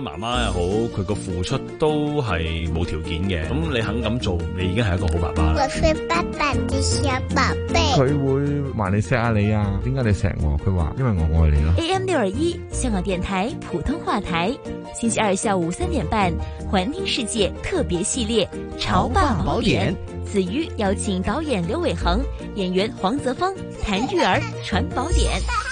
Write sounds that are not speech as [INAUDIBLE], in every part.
媽媽又好，佢個付出都係冇條件嘅。咁你肯咁做，你已經係一個好爸爸。我係爸爸嘅小寶貝。佢會話你錫啊你啊？點解你錫我？佢話因為我愛你咯。AM 六二一香港電台普通話台，星期二下午三點半，環聽世界特別系列《潮爸寶典》，子瑜邀請導演劉偉恒、演員黃澤鋒、譚玉兒，傳寶典。 [LAUGHS]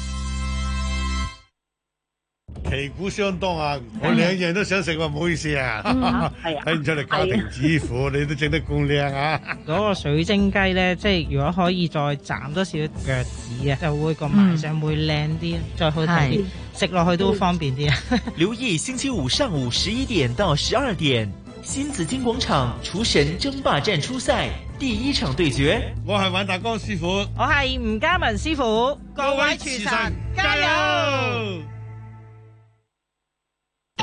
旗鼓相當啊！我兩樣都想食喎，唔好意思啊，睇唔出你家庭煮婦你都整得咁靚啊！嗰個水晶雞咧，即係如果可以再斬多少腳趾啊，就會個賣相會靚啲，再好睇啲，食落去都方便啲啊！留意星期五上午十一點到十二點，新紫荊廣場廚神爭霸戰初賽第一場對決，我係玩大哥師傅，我係吳嘉文師傅，各位廚神加油！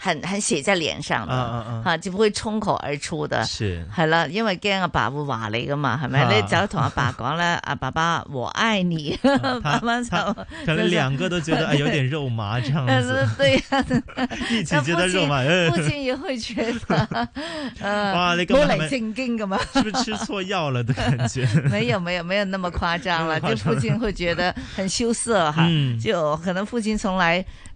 很很寫在臉上的，吓就不會衝口而出的，是係了，因為驚阿爸會話你噶嘛，係咪？你就同阿爸講咧，阿爸爸我愛你，媽媽就可能兩個都覺得哎有點肉麻，這樣子，對，一起覺得肉麻，父親也會覺得，哇，你咁樣，多嚟正經噶嘛？是不是吃錯藥了的感覺？沒有沒有沒有那麼誇張了，就父親會覺得很羞澀哈，就可能父親從來。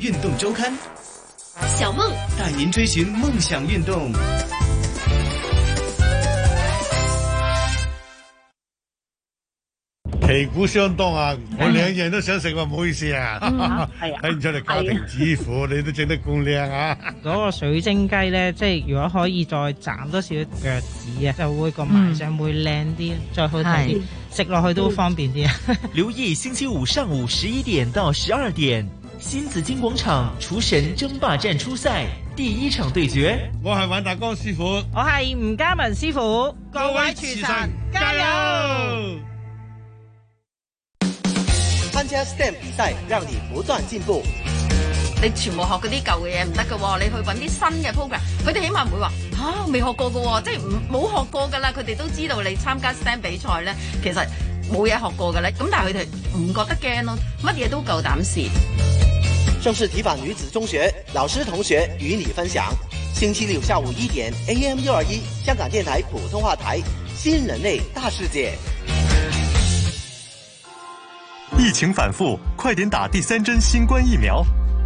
運動周刊，小夢帶您追尋夢想運動。旗鼓相當啊，我兩樣都想食啊，唔、哎、好意思啊。係、嗯哎哎哎、啊。睇唔出你家庭主婦，你都整得咁靚啊。嗰個水晶雞咧，即係如果可以再斬多少腳趾啊，就會個賣相會靚啲，再好睇啲，食落去都方便啲。啊。留意星期五上午十一點到十二點。新紫荊廣場廚神爭霸戰初賽第一場對決，我係尹達江師傅，我係吳嘉文師傅，各位廚神加油！參加 STEM 比賽，讓你不斷進步。你全部學嗰啲舊嘅嘢唔得噶，你去揾啲新嘅 program，佢哋起碼唔會話吓未學過噶、哦，即係唔冇學過噶啦，佢哋都知道你參加 STEM 比賽咧，其實。冇嘢學過嘅咧，咁但係佢哋唔覺得驚咯，乜嘢都夠膽試。聖士提反女子中學老師同學與你分享，星期六下午一點，AM 六二一香港電台普通話台，新人類大世界。疫情反覆，快點打第三針新冠疫苗。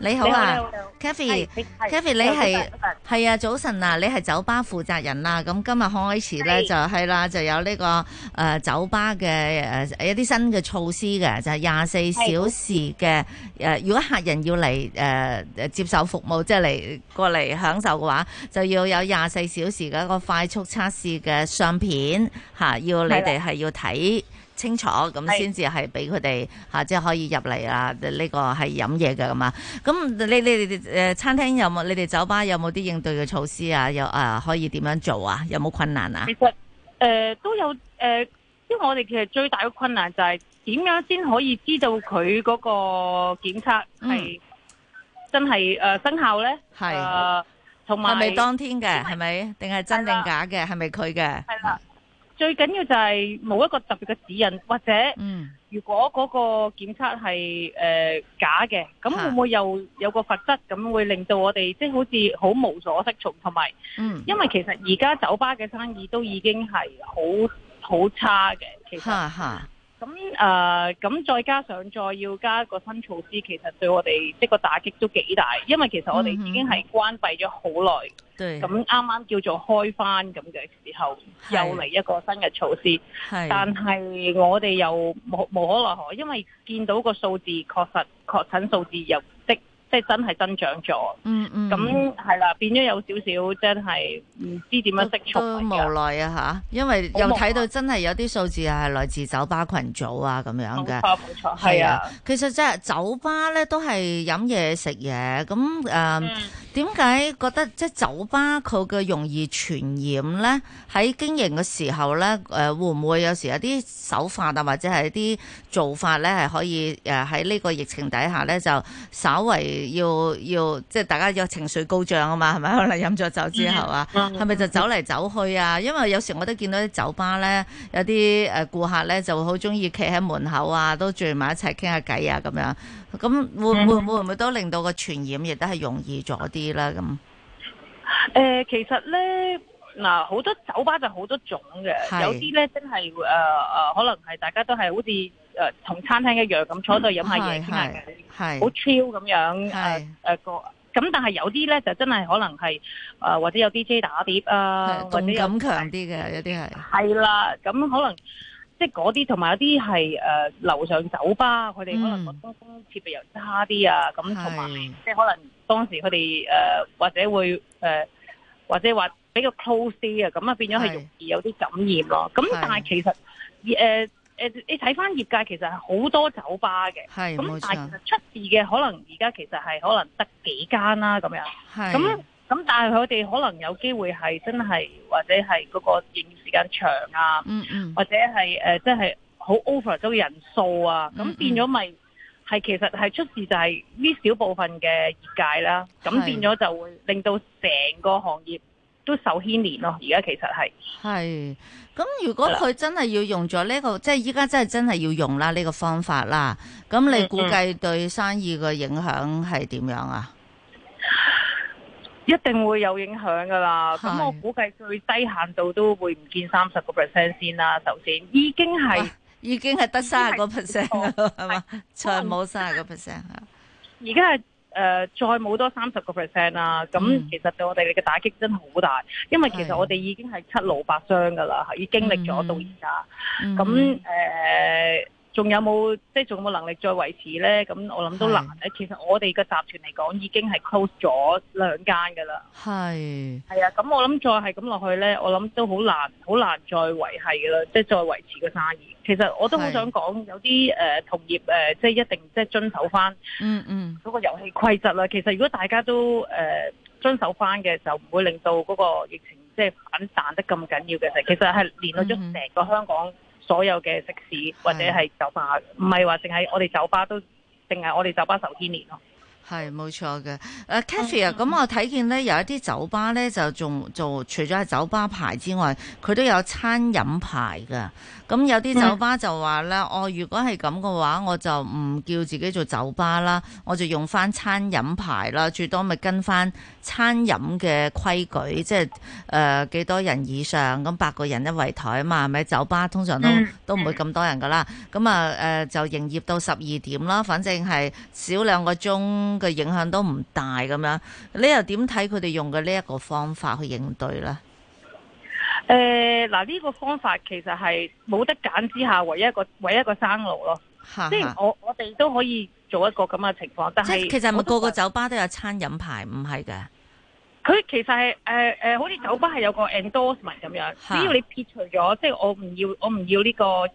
你好啊，Cathy，Cathy 你係係啊，早晨啊，是的你係酒吧負責人啦。咁的今日開始咧就係啦，就有呢、呢個誒、呃、酒吧嘅誒、呃、一啲新嘅措施嘅，就係廿四小時嘅誒的、呃，如果客人要嚟誒誒接受服務，即係嚟過嚟享受嘅話，就要有廿四小時嘅一個快速測試嘅相片吓，要你哋係要睇。清楚咁先至係俾佢哋嚇，即係是、啊就是、可以入嚟啊！呢、呢個係飲嘢㗎嘛。咁你你哋誒餐廳有冇？你哋、呃、酒吧有冇啲應對嘅措施啊？有啊，可以點樣做啊？有冇困難啊？其實誒、呃、都有誒、呃，因為我哋其實最大嘅困難就係點樣先可以知道佢嗰個檢測係真係誒、嗯呃、生效咧？係同埋係咪當天嘅？係咪定係真定、啊、假嘅？係咪佢嘅？係啦、啊。最緊要就係冇一個特別嘅指引，或者如果嗰個檢測係假嘅，咁會唔會有的有個罰則咁會令到我哋即係好似好無所適從，同埋、嗯、因為其實而家酒吧嘅生意都已經係好好差嘅，其實。咁誒，咁、呃、再加上再要加一個新措施，其實對我哋即個打擊都幾大，因為其實我哋已經係關閉咗好耐，咁啱啱叫做開翻咁嘅時候，對又嚟一個新嘅措施，對但係我哋又無，無可奈何，因為見到個數字確實確診數字又即。即係真係增長咗、嗯，嗯樣嗯，咁係啦，變咗有少少，真係唔知點樣釋出都，都無奈啊嚇，因為、啊、又睇到真係有啲數字係來自酒吧群組啊咁樣嘅，冇錯冇錯，係啊，啊其實即、就、係、是、酒吧咧都係飲嘢食嘢，咁誒點解覺得即係、就是、酒吧佢嘅容易傳染咧？喺經營嘅時候咧，誒、呃、會唔會有時有啲手法啊，或者係一啲做法咧係可以喺呢個疫情底下咧就稍為？要要即係大家有情緒高漲啊嘛，係咪可能飲咗酒之後啊？係咪、嗯嗯嗯、就走嚟走去啊？因為有時我都見到啲酒吧咧，有啲誒顧客咧就好中意企喺門口啊，都聚埋一齊傾下偈啊，咁樣咁會、嗯、會會唔會都令到個傳染亦都係容易咗啲啦？咁誒、呃，其實咧嗱，好多酒吧就好多種嘅，是有啲咧真係誒誒，可能係大家都係好似。同餐廳一樣咁坐度飲下嘢先啊，好 chill，咁樣誒誒，咁但係有啲咧就真係可能係誒或者有 DJ 打碟啊，重感強啲嘅，有啲係係啦，咁可能即係嗰啲同埋有啲係誒樓上酒吧，佢哋可能個通風設備又差啲啊，咁同埋即係可能當時佢哋誒或者會誒或者話比較 close 啲啊，咁啊變咗係容易有啲感染咯。咁但係其實誒。誒你睇翻業界其實係好多酒吧嘅，係冇錯。咁但係其實出事嘅可能而家其實係可能得幾間啦咁樣，係。咁咁但係佢哋可能有機會係真係或者係嗰個營業時間長啊，嗯嗯，或者係誒即係好 over 都人數啊，咁、嗯嗯、變咗咪係其實係出事就係呢小部分嘅業界啦，咁變咗就會令到成個行業。都受牽連咯，而家其實係係咁，如果佢真係要用咗呢個，的即係依家真係真係要用啦呢個方法啦。咁你估計對生意嘅影響係點樣啊、嗯嗯？一定會有影響噶啦。咁是我估計最低限度都會唔見三十個 percent 先啦。首先已經係已經係得三十個 percent 啊，係咪？冇三十個 percent 啊，而家吧。的誒、呃，再冇多三十個 percent 啦，咁、啊、其實對我哋嘅打擊真係好大，因為其實我哋已經係七老八傷㗎啦，已經經歷咗到而家，咁誒。呃仲有冇即係仲有冇能力再維持呢？咁我諗都難。是其實我哋個集團嚟講已經係 close 咗兩間㗎啦。係係是啊，咁我諗再係咁落去呢，我諗都好難好難再維繫㗎啦。即係再維持個生意。其實我都好想講是有啲誒、呃、同業誒即係一定即係遵守翻嗯嗯嗰個遊戲規則啦。嗯嗯、其實如果大家都誒、呃、遵守翻嘅，就唔會令到嗰個疫情即係反彈得咁緊要嘅。其實係連到咗成個香港。所有嘅食肆或者係酒吧，唔係話淨係我哋酒吧都淨係我哋酒吧受牽連咯。係冇錯嘅。誒，Cathy、uh, 啊，咁、啊、我睇見咧有一啲酒吧咧就仲做，除咗係酒吧牌之外，佢都有餐飲牌㗎。咁有啲酒吧就話呢，我、嗯哦、如果係咁嘅話，我就唔叫自己做酒吧啦，我就用翻餐飲牌啦，最多咪跟翻餐飲嘅規矩，即係誒、呃、幾多人以上，咁八個人一圍台啊嘛，咪酒吧通常都、嗯、都唔會咁多人噶啦，咁啊誒就營業到十二點啦，反正係少兩個鐘嘅影響都唔大咁樣，你又點睇佢哋用嘅呢一個方法去應對咧？誒，嗱呢、呃，這個方法其實係冇得揀之下唯一一個唯一一個生路咯。 [LAUGHS] 即係我我哋都可以做一個咁嘅情況。但係其實係咪個個酒吧都有餐飲牌，唔係嘅。佢其實係誒誒，好似酒吧係有個 endorsement 咁樣， [LAUGHS] 只要你撇除咗，即係我唔要我唔要呢個誒，我、這個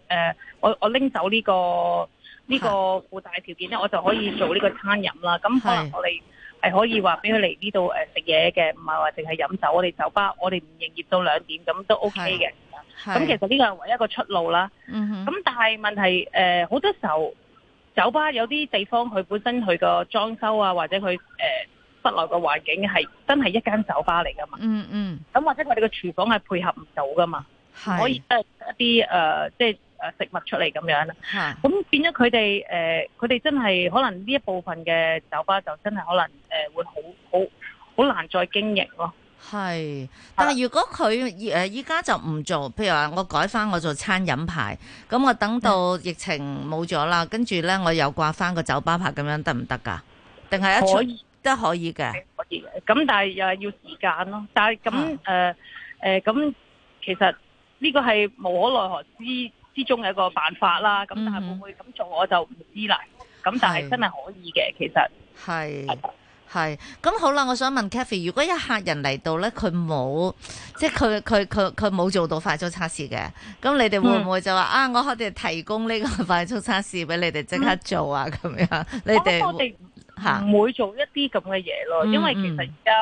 呃、我拎走呢、這個呢、這個附帶條件咧，我就可以做呢個餐飲啦。咁 [LAUGHS] 可能我哋。係可以話俾佢嚟呢度誒食嘢嘅，唔係話淨係飲酒。我哋酒吧，我哋唔營業到兩點，咁都 OK 嘅。咁其實呢個係唯一一個出路啦。咁、嗯、哼但係問題誒，好、呃、多時候酒吧有啲地方佢本身佢個裝修啊，或者佢誒、呃、室內個環境係真係一間酒吧嚟噶嘛。嗯嗯。咁或者我哋個廚房係配合唔到噶嘛，是可以、呃些呃、即係一啲誒即係。食物出嚟，咁樣，咁變咗佢哋誒，佢哋真係可能呢一部分嘅酒吧就真係可能誒，會好好好難再經營咯。係，但係如果佢誒依家就唔做，譬如話我改翻我做餐飲牌，咁我等到疫情冇咗啦，跟住咧，我又掛翻個酒吧牌，咁樣得唔得噶？定係一取可以，都可以嘅。可以嘅。咁但係又係要時間咯。但係咁誒誒，咁其實呢個係無可奈何之。之中嘅一個辦法啦，咁但係會唔會咁做我就唔知啦。咁但係真係可以嘅，是其實係係。咁好啦，我想問 Cathy 如果有客人嚟到呢，佢冇即係佢佢佢佢冇做到快速測試嘅，咁你哋會唔會就話、嗯、啊？我可唔可以提供呢個快速測試俾你哋即刻做啊？咁、嗯、樣你哋我哋嚇唔會做一啲咁嘅嘢咯？嗯、因為其實而家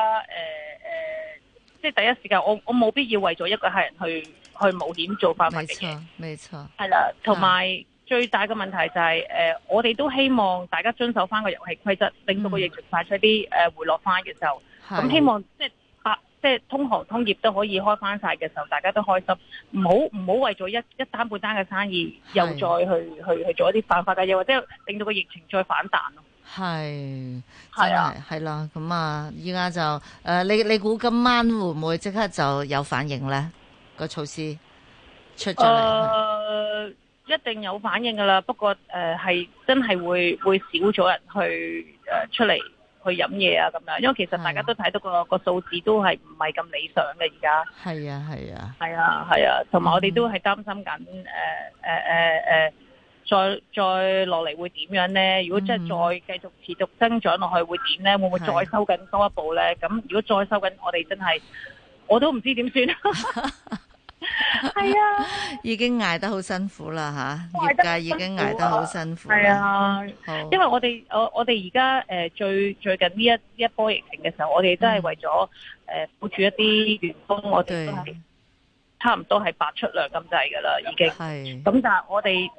誒誒，即係第一時間，我我冇必要為咗一個客人去。去冒險做法嘅，沒錯，沒錯係啦。同埋最大嘅問題就係、是，誒的、呃，我哋都希望大家遵守翻個遊戲規則，嗯、令到個疫情快出啲誒回落翻嘅時候。咁的希望即係即係通航通業都可以開翻晒嘅時候，大家都開心，唔好唔好為咗一一單半單嘅生意的又再去去去做一啲犯法嘅嘢，或者令到個疫情再反彈咯。係係啊，係啦的，咁啊，依家就誒、呃，你你估今晚會唔會即刻就有反應咧？個措施出咗嚟，誒，一定有反應㗎啦。不過誒，係真係會會少咗人去誒出嚟去飲嘢啊咁樣。因為其實大家都睇到個個數字都係唔係咁理想嘅，而家係啊係啊係啊係啊，同埋我哋都係擔心緊誒誒誒誒，再再落嚟會點樣呢？如果真係再繼續持續增長落去，會點呢？會唔會再收緊多一步呢？咁如果再收緊，我哋真係。我都唔知點算，係 [LAUGHS] [LAUGHS] 啊，已經捱得好辛苦啦吓，啊、業界已經捱得好辛苦。係啊，好因為我哋我我哋而家誒最最近呢一一波疫情嘅時候，我哋都係為咗誒保住一啲員工，我哋對差唔多係白出糧咁滯噶啦，已經。係咁是但係我哋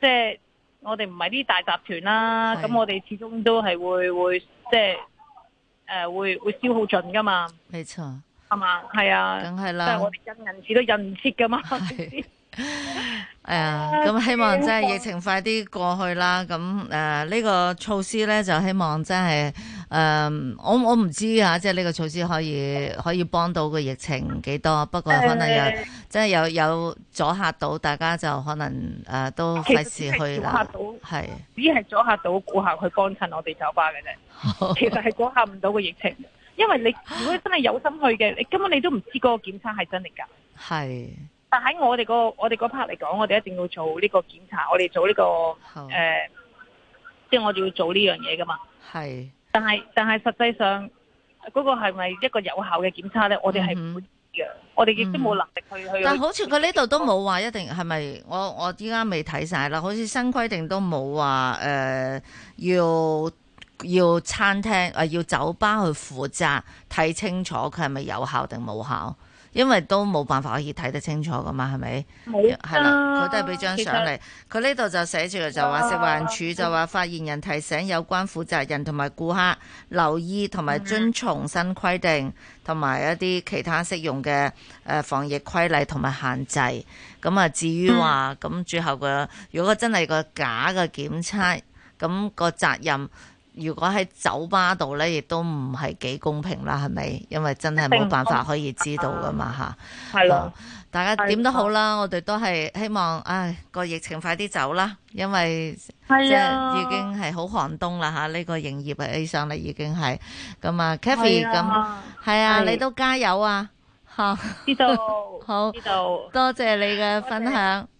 即係我哋唔係啲大集團啦，咁是我哋始終都係會會即係誒、呃、會會消耗盡噶嘛。沒錯。係嘛？係啊，梗係啦，即係我哋印銀紙都印唔切噶嘛。係啊，咁希望真係疫情快啲過去啦。咁誒呢個措施咧，就希望真係誒我我唔知啊，即係呢個措施可以可以幫到個疫情幾多？不過可能有即係有有阻嚇到大家，就可能誒都費事去啦。阻嚇到係只係阻嚇到顧客去幫襯我哋酒吧嘅啫，其實係阻嚇唔到個疫情。因為你如果真係有心去嘅，你根本你都唔知嗰個檢測係真定假。係是。但喺我哋，那個我哋嗰 part 嚟講，我哋一定要做呢個檢測，我哋做呢，這個誒，即係好、呃就是，我哋要做呢樣嘢噶嘛。係是。但係但係實際上嗰，那個係咪一個有效嘅檢測咧？我哋係唔知嘅，嗯、哼我哋亦都冇能力去，嗯、去。但係好似佢呢度都冇話一定係咪，啊？我我依家未睇晒啦，好似新規定都冇話誒要。要餐廳誒、呃，要酒吧去負責睇清楚佢係咪有效定冇效，因為都冇辦法可以睇得清楚噶嘛，係咪？係啦、啊，佢都係俾張相嚟，佢呢度就寫住就話食環署就話發言人提醒有關負責人同埋顧客留意同埋遵從新規定同埋、嗯、一啲其他適用嘅防疫規例同埋限制。咁啊，至於話咁最後個，如果真係個假嘅檢測，咁、那個責任。如果喺酒吧度咧，亦都唔係幾公平啦，係咪？因為真係冇辦法可以知道噶嘛嚇。係咯，啊、大家點都好啦，是的我哋都係希望，唉、哎，個疫情快啲走啦，因為的即係已經係好寒冬啦嚇。呢、這個營業上嚟已經係咁啊。Cathy 咁係啊，的你都加油啊！嚇，知道， [LAUGHS] 好道多謝你嘅分享。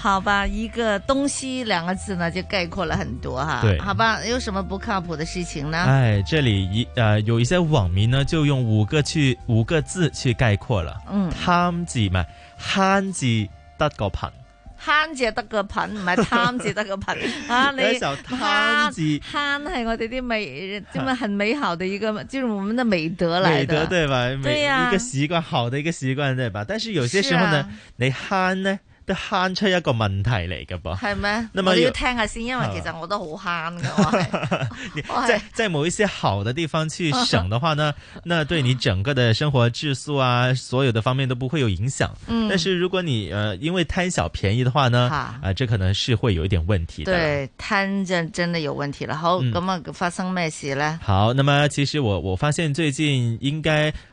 好吧，一個東西兩個字呢，就概括了很多哈。對，好吧，有什麼不靠譜的事情呢？哎，這裏一呃，有一些網民呢，就用五個去五個字去概括了。嗯，慳字嘛，慳字得個貧，慳字得個貧，唔係貪字得個貧 [LAUGHS] 啊？你慳字慳係我哋啲美，這麼很美好的一個，就是我們的美德嚟的，美德對吧？對呀、啊，一個習慣，好的一個習慣對吧？但是有些時候呢，啊、你慳呢？都慳出一個問題嚟㗎噃，係咩？你要聽下先，因為其實我都好慳嘅，你即係即係，在某一些好嘅地方去省嘅話呢，那對你整個的生活質素啊，所有的方面都不會有影響。嗯，但是如果你誒因為貪小便宜嘅話呢，啊，這可能是會有一點問題。對，貪就真的有問題啦。好，咁啊發生咩事呢？好，那麼其實我我發現最近應該。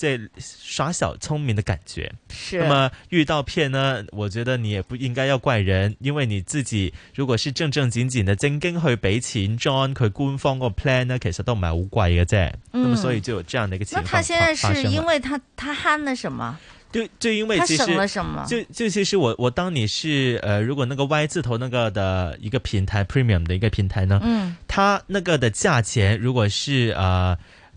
這耍小聰明的感覺是。那麼遇到騙呢？我覺得你也不應該要怪人，因為你自己如果是正正經經的正經去俾錢，John 佢官方個 plan 呢，其實都唔係好貴嘅啫。咁、嗯、所以就有這樣的一個情況。那他現在是因為他他慳了什麼？就就因為其實他省了什麼？就就其實我我當你是呃，如果那個 Y 字頭那個的一個平台 Premium 的一個平台呢？嗯。他那個的價錢如果是呃。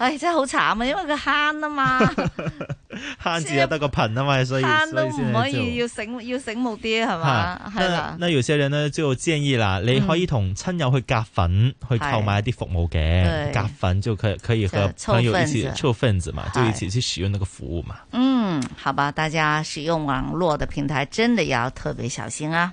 唉、哎，真係好慘啊，因為佢慳啊嘛，慳字 [LAUGHS] 只係得個貧啊嘛，在所以慳都唔可以，以要醒要醒目啲係嘛？係啦、啊吧。那有些人呢就建議啦，嗯、你可以同親友去夾粉去購買一啲服務嘅，夾對粉就佢可，可以和朋友一起湊份子嘛，就一起去使用那個服務嘛。嗯，好吧，大家使用網絡的平台真的要特別小心啊。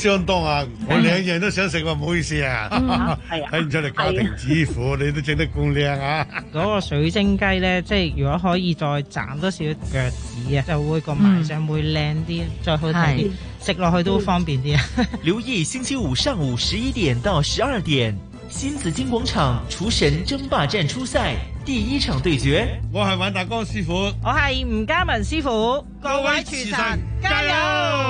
相當啊！我兩樣都想食，唔好意思啊。睇唔出你家庭主婦，你都整得咁靚啊！嗰個水晶雞咧，即係如果可以再斬多少腳趾啊，就會個賣相會靚啲，再好睇啲，食落去都方便啲啊！留意星期五上午十一點到十二點，新紫荊廣場廚神爭霸戰初賽第一場對決，我係萬達哥師傅，我係吳嘉文師傅，各位廚神加油！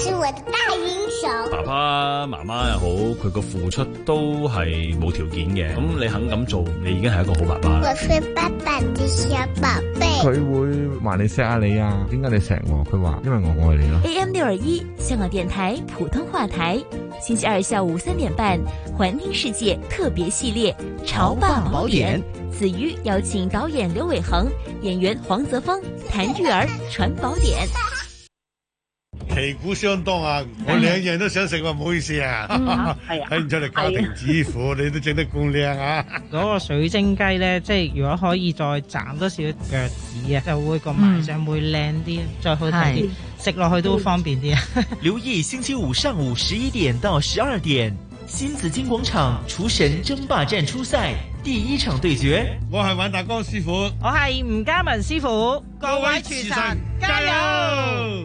是我的大英雄，爸爸、媽媽也好，佢個付出都係冇條件嘅。咁你肯咁做，你已經係一個好爸爸了。我是爸爸的小寶貝。佢會話你錫下你啊？點解你錫我？佢話因為我愛你咯。AM 六二一香港電台普通話台，星期二下午三點半，環境世界特別系列《潮爆寶典》寶典，子瑜邀請導演劉偉恒、演員黃澤峰、譚玉兒傳寶典。 [LAUGHS] 旗鼓相當啊！我兩樣都想食，唔好意思啊。睇唔出你家庭主婦你都整得咁靚啊！嗰個水晶雞咧，即係如果可以再斬多少腳趾啊，就會個賣相會靚啲，再好睇啲，食落去都方便啲啊！留意星期五上午十一點到十二點，新紫荊廣場廚神爭霸戰初賽第一場對決。我係尹達光師傅，我係吳嘉文師傅，各位廚神加油！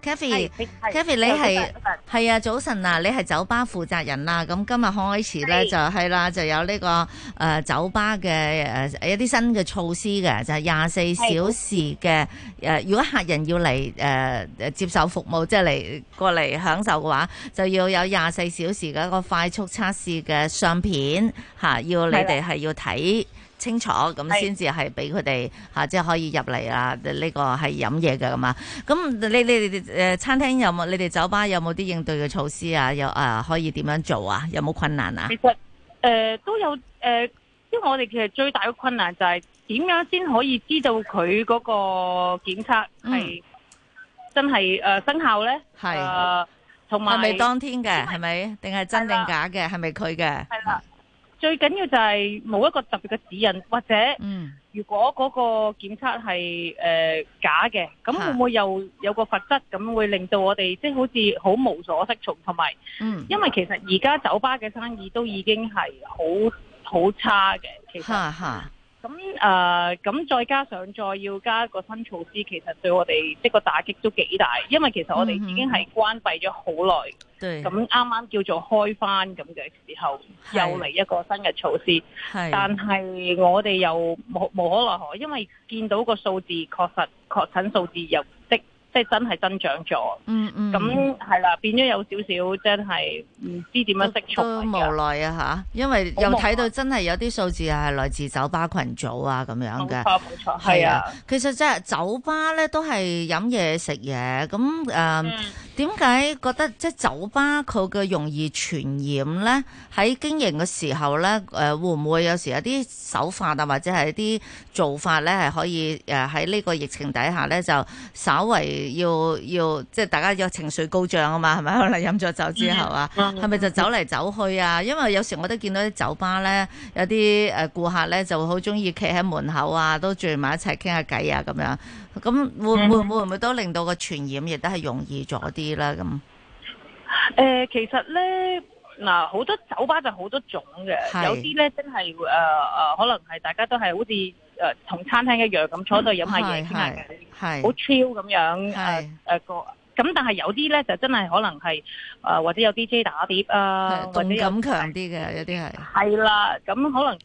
Cathy，Cathy，你係是係上啊，早晨啊，你係酒吧負責人啦、啊。咁今日開始咧是就係啦、啊，就有呢、這個誒、呃、酒吧嘅、呃、一啲新嘅措施嘅，就係廿四小時嘅的、呃、如果客人要嚟誒、呃、接受服務，即係嚟過嚟享受嘅話，就要有廿四小時嘅一個快速測試嘅相片、啊、要你哋係要睇。清楚咁先至係俾佢哋吓，即係是、啊即係、可以入嚟啊！呢個係飲嘢嘅嘛。咁你你哋誒餐廳有冇？你哋、呃、酒吧有冇啲應對嘅措施啊？有啊、呃，可以點樣做啊？有冇困難啊？其實誒、呃、都有誒、呃，因為我哋其實最大嘅困難就係點樣先可以知道佢嗰個檢測係真係誒、嗯呃、生效咧？係同埋係咪當天嘅係咪？定係為真定、啊、假嘅？係咪佢嘅？是啊最緊要就係冇一個特別嘅指引，或者如果嗰個檢測係呃假嘅，咁會唔會有有個罰則？咁會令到我哋即好似好無所適從，同埋、嗯、因為其實而家酒吧嘅生意都已經係好好差嘅其實。哈哈咁誒，咁、呃、再加上再要加一個新措施，其實對我哋即個打擊都幾大，因為其實我哋已經係關閉咗好耐，咁啱啱叫做開翻咁嘅時候，是又嚟一個新嘅措施，是但係我哋又無，無可奈何，因為見到個數字確實確診數字又即。即係真係增長咗、嗯，嗯點點嗯，咁係啦，變咗有少少，真係唔知點樣適從，都無奈啊嚇，因為又睇到真係有啲數字係來自酒吧群組啊咁樣嘅。冇錯冇錯，係啊，其實即係酒吧咧，都係飲嘢食嘢。咁誒點解覺得即係酒吧佢嘅容易傳染咧？喺經營嘅時候咧、呃，會唔會有時有啲手法啊，或者係啲做法咧係可以誒喺呢個疫情底下咧就稍為？要要即係大家有情緒高漲啊嘛，係咪可能飲咗酒之後啊？係咪就走嚟走去啊？因為有時我都見到啲酒吧咧，有啲誒顧客咧就好中意企喺門口啊，都聚埋一齊傾下偈啊這，咁樣咁會、嗯、會會唔會都令到個傳染亦都係容易咗啲啦？咁誒、呃，其實咧嗱，好多酒吧就好多種嘅，是有啲咧真係誒誒，可能係大家都係好似。誒同餐廳一樣，咁坐度飲下嘢先啊，傾下偈，好 chill 咁樣，誒誒咁但係有啲咧就真係可能係誒、呃、或者有 DJ 打碟啊，動感是強啲嘅，有啲係係啦，咁可能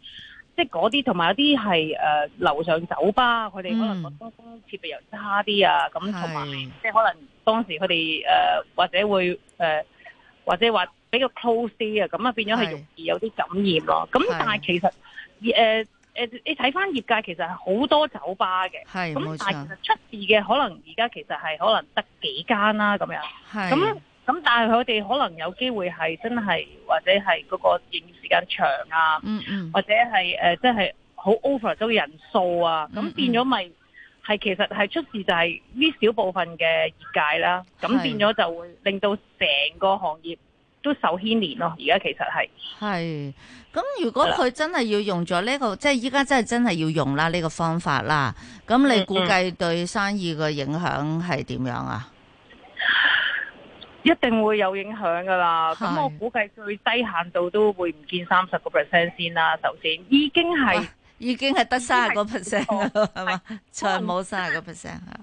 即係嗰啲同埋有啲係誒樓上酒吧，佢哋可能個通風設備又差啲啊，咁同埋即係可能當時佢哋誒或者會誒、呃、或者話比較 close 啲啊，咁啊變咗係容易有啲感染咯、啊。咁是但係其實誒。是呃誒你睇翻業界其實係好多酒吧嘅，係咁但係出事嘅，可能而家其實係可能得幾間啦咁樣，係咁咁但係佢哋可能有機會係真係或者係嗰個營業時間長啊，嗯嗯，或者係誒即係好 over 都人數啊，咁、嗯嗯、變咗咪係其實係出事就係呢小部分嘅業界啦，咁是變咗就會令到成個行業都受牽連咯，而家其實係係咁，如果佢真係要用咗呢個，的即係依家真係真係要用啦呢個方法啦。咁你估計對生意個影響係點樣啊、嗯嗯？一定會有影響噶啦。咁的我估計最低限度都會唔見三十個 percent 先啦。首先已經係已經係得三十個 percent 啊，係咪？才冇三十個 percent 啊。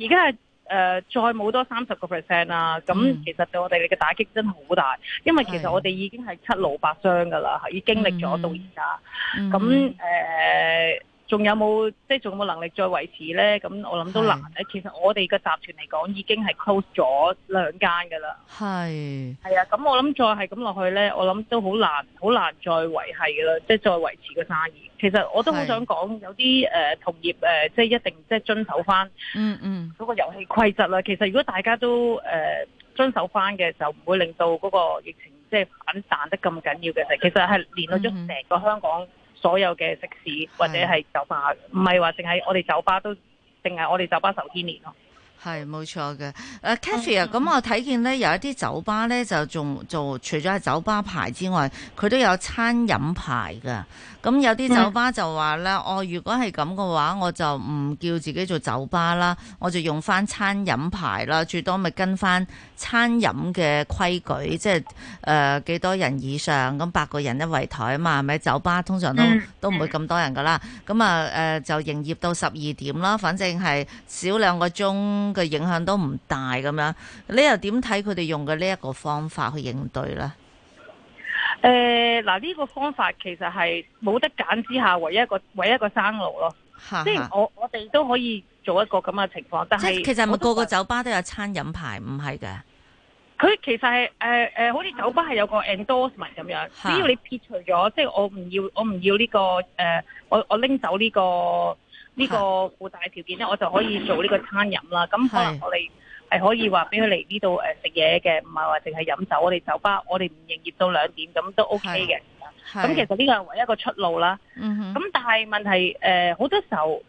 而家 [LAUGHS] 的。的誒、呃，再冇多三十個 percent 啦，咁、啊、其實對我哋嘅打擊真係好大，嗯、因為其實我哋已經係七老八傷噶啦，已、嗯、經歷咗到而家，咁誒、嗯，仲、嗯呃、有冇有即係仲有冇能力再維持咧？咁我諗都難咧。是其實我哋嘅集團嚟講，已經係 close 咗兩間噶啦。係係是啊，咁我諗再係咁落去咧，我諗都好難，好難再維繫噶啦，即係再維持個生意。其實我都好想講，是有啲誒、呃、同業誒，即、呃、係一定即係遵守翻嗯嗯嗰個遊戲規則啦。嗯嗯、其實如果大家都誒、呃、遵守翻嘅，就唔會令到嗰個疫情即係、就是、反彈得咁緊要嘅。其實係連到咗成個香港所有嘅食肆、嗯、或者係酒吧，唔係話淨係我哋酒吧都淨係我哋酒吧受牽連咯。係冇錯嘅。誒、uh，Cathy 啊，咁、嗯、我睇見咧有一啲酒吧咧就仲就除咗係酒吧牌之外，佢都有餐飲牌噶。咁有啲酒吧就話啦，我如果係咁嘅話，我就唔叫自己做酒吧啦，我就用翻餐飲牌啦，最多咪跟翻餐飲嘅規矩，即係誒、呃、幾多人以上，咁、嗯、八個人一圍台啊嘛，咪、呃、酒吧通常都都唔會咁多人噶啦，咁啊誒就營業到十二點啦，反正係少兩個鐘嘅影響都唔大咁樣，你又點睇佢哋用嘅呢一個方法去應對咧？誒，嗱呢、呃，這個方法其實係冇得揀之下唯一一個唯一一個生路咯。 [LAUGHS] 即係我我哋都可以做一個咁嘅情況，但係即係其實係咪個個酒吧都有餐飲牌，唔係嘅。佢其實係誒誒，好似酒吧係有個 endorsement 咁樣， [LAUGHS] 只要你撇除咗，即係我唔要我唔要呢個誒，我、這個呃、我拎走呢、這個呢、這個附帶條件咧，我就可以做呢個餐飲啦。咁可能我哋。 [LAUGHS] 係可以話俾佢嚟呢度誒食嘢嘅，唔係話淨係飲酒。我哋酒吧我哋唔營業到兩點，咁都 OK 嘅。咁其實呢個係唯一一個出路啦。咁、嗯、哼但係問題、呃、好多時候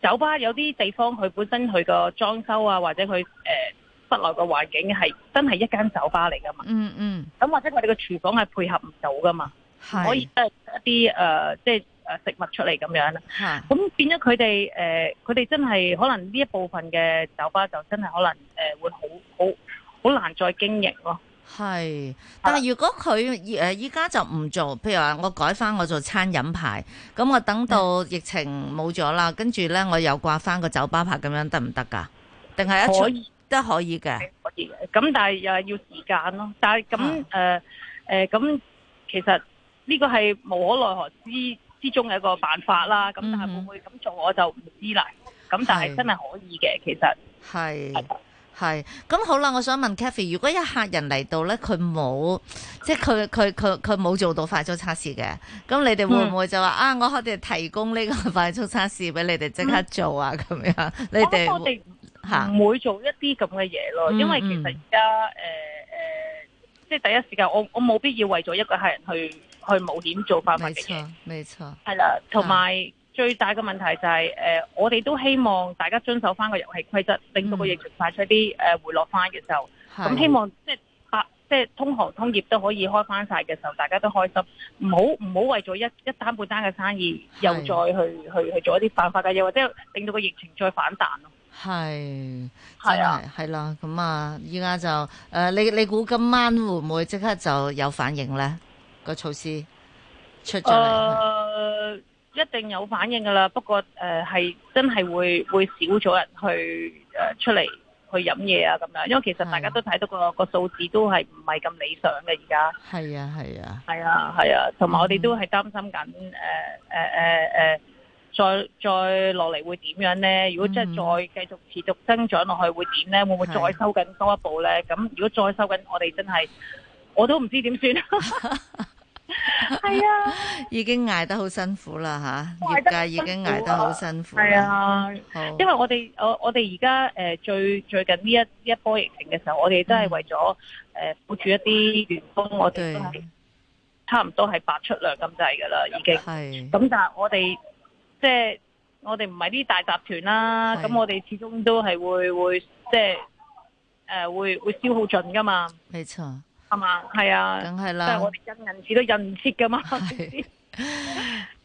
酒吧有啲地方佢本身佢個裝修啊，或者佢誒、呃、室內個環境係真係一間酒吧嚟㗎嘛。嗯嗯。咁或者我哋個廚房係配合唔到㗎嘛？是可以、呃呃、即係一啲即係。食物出嚟咁樣，咁變咗佢哋誒，佢哋真係可能呢一部分嘅酒吧就真係可能誒，會好好好難再經營咯。係，但係如果佢誒依家就唔做，譬如話我改翻我做餐飲牌，咁我等到疫情冇咗啦，跟住呢我又掛翻個酒吧牌咁樣得唔得㗎？定係一可以都可以嘅，咁但係又係要時間咯。但係咁誒誒，咁其實呢個係無可奈何之之中嘅一個辦法啦，咁但係會唔會咁做我就唔知啦。咁但係真係可以嘅，是其實係係。咁好啦，我想問 Cathy，如果有客人嚟到呢，佢冇即係佢佢佢佢冇做到快速測試嘅，咁你哋會唔會就話、嗯、啊？我可唔可以提供呢個快速測試俾你哋即刻做啊？咁、嗯、樣你哋嚇唔會做一啲咁嘅嘢咯？嗯、因為其實而家、嗯呃、即係第一時間，我我冇必要為咗一個客人去。去冒險做翻嘅嘢，冇錯，冇錯，係啦。同埋最大嘅問題就係、是的呃、我哋都希望大家遵守翻個遊戲規則，嗯、令到個疫情快出啲回落翻嘅時候。咁的、嗯、希望即係、啊、即通航通業都可以開翻晒嘅時候，大家都開心，唔好唔好為咗一一單半單嘅生意的又再去去去做一啲犯法嘅嘢，或者令到個疫情再反彈咯。係係啊，係啦，咁啊的，依家就、呃、你你估今晚會唔會即刻就有反應咧？個措施出咗嚟，誒，一定有反應噶啦。不過誒，係真係會會少咗人去誒出嚟去飲嘢，啊咁樣。因爲其實大家都睇到個個數字都係唔係咁理想嘅而家。係啊係啊，係啊係啊。同埋我哋都係擔心緊誒誒誒誒，再再落嚟會點樣呢？如果即係再繼續持續增長落去會點呢？會唔會再收緊多一步呢？咁如果再收緊，我哋真係。我都唔知點算，係啊，已經捱得好辛苦啦吓，啊、業界已經捱得好辛苦。係啊，好因為我哋我我哋而家誒最最近呢一一波疫情嘅時候，我哋都係為咗誒保住一啲員工，我哋都對差唔多係白出糧，咁滯噶啦，已經。係咁是但係我哋即係我哋唔係啲大集團啦，咁是我哋始終都係會會即係誒、呃、會會消耗盡噶嘛，沒錯。係、啊、嘛？係啊，梗係啦，我印銀紙都印唔切㗎嘛。係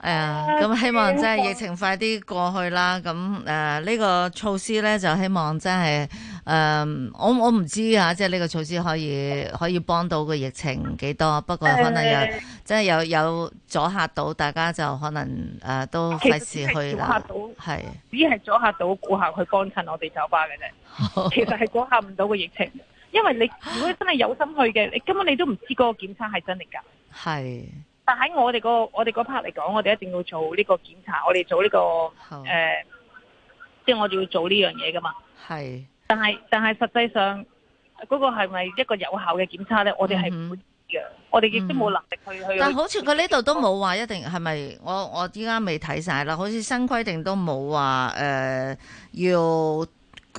啊，咁希望真係疫情快啲過去啦。咁誒呢個措施咧，嗯、就希望真係誒、嗯、我我唔知啊，即係呢個措施可以可以幫到個疫情幾多？不過可能有即係有有阻嚇到大家，就可能誒、呃、都費事去啦。阻嚇到係只係阻嚇到顧客去幫襯我哋酒吧嘅啫，其實係阻嚇唔到個疫情。因為你如果你真係有心去嘅，你根本你都唔知嗰個檢測係真定假。係是。但喺我哋、那個我哋嗰 part 嚟講，我哋一定要做呢個檢測，我哋做呢、這個誒，即係好、呃就是、我哋要做呢樣嘢噶嘛。係是。但係但係實際上嗰、那個係咪一個有效嘅檢測咧？我哋係冇知嘅，嗯、我哋亦都冇能力去、嗯、去。但好似佢呢度都冇話一定係咪？我我依家未睇晒啦，好似新規定都冇話誒要。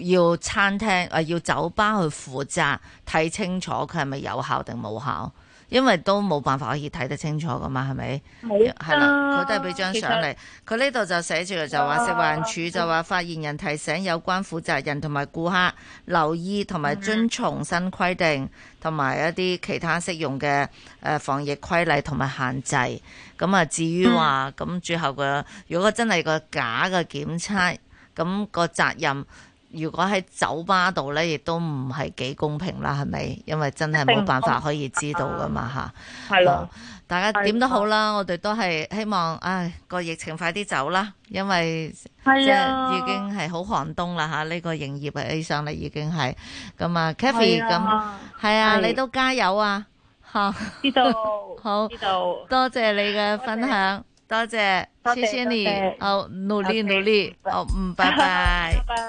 要餐廳誒、呃，要酒吧去負責睇清楚佢係咪有效定冇效，因為都冇辦法可以睇得清楚噶嘛，係咪？係啦的，佢都係俾張相嚟。佢呢度就寫住就話，食環署就話發言人提醒有關負責人同埋顧客留意同埋遵從新規定同埋、嗯、一啲其他適用嘅防疫規例同埋限制。咁啊，至於話咁最後個，如果真係個假嘅檢測，咁個責任。如果喺酒吧度咧，亦都唔係幾公平啦，係咪？因為真係冇辦法可以知道噶嘛嚇。係咯，大家點都好啦。我哋都係希望，唉，個疫情快啲走啦，因為即係已經係好寒冬啦嚇。呢個營業上嚟已經係咁啊 Cathy 咁係啊，你都加油啊！嚇，知道，好多謝你嘅分享，多謝，謝謝你，努力努力，好嗯，拜拜。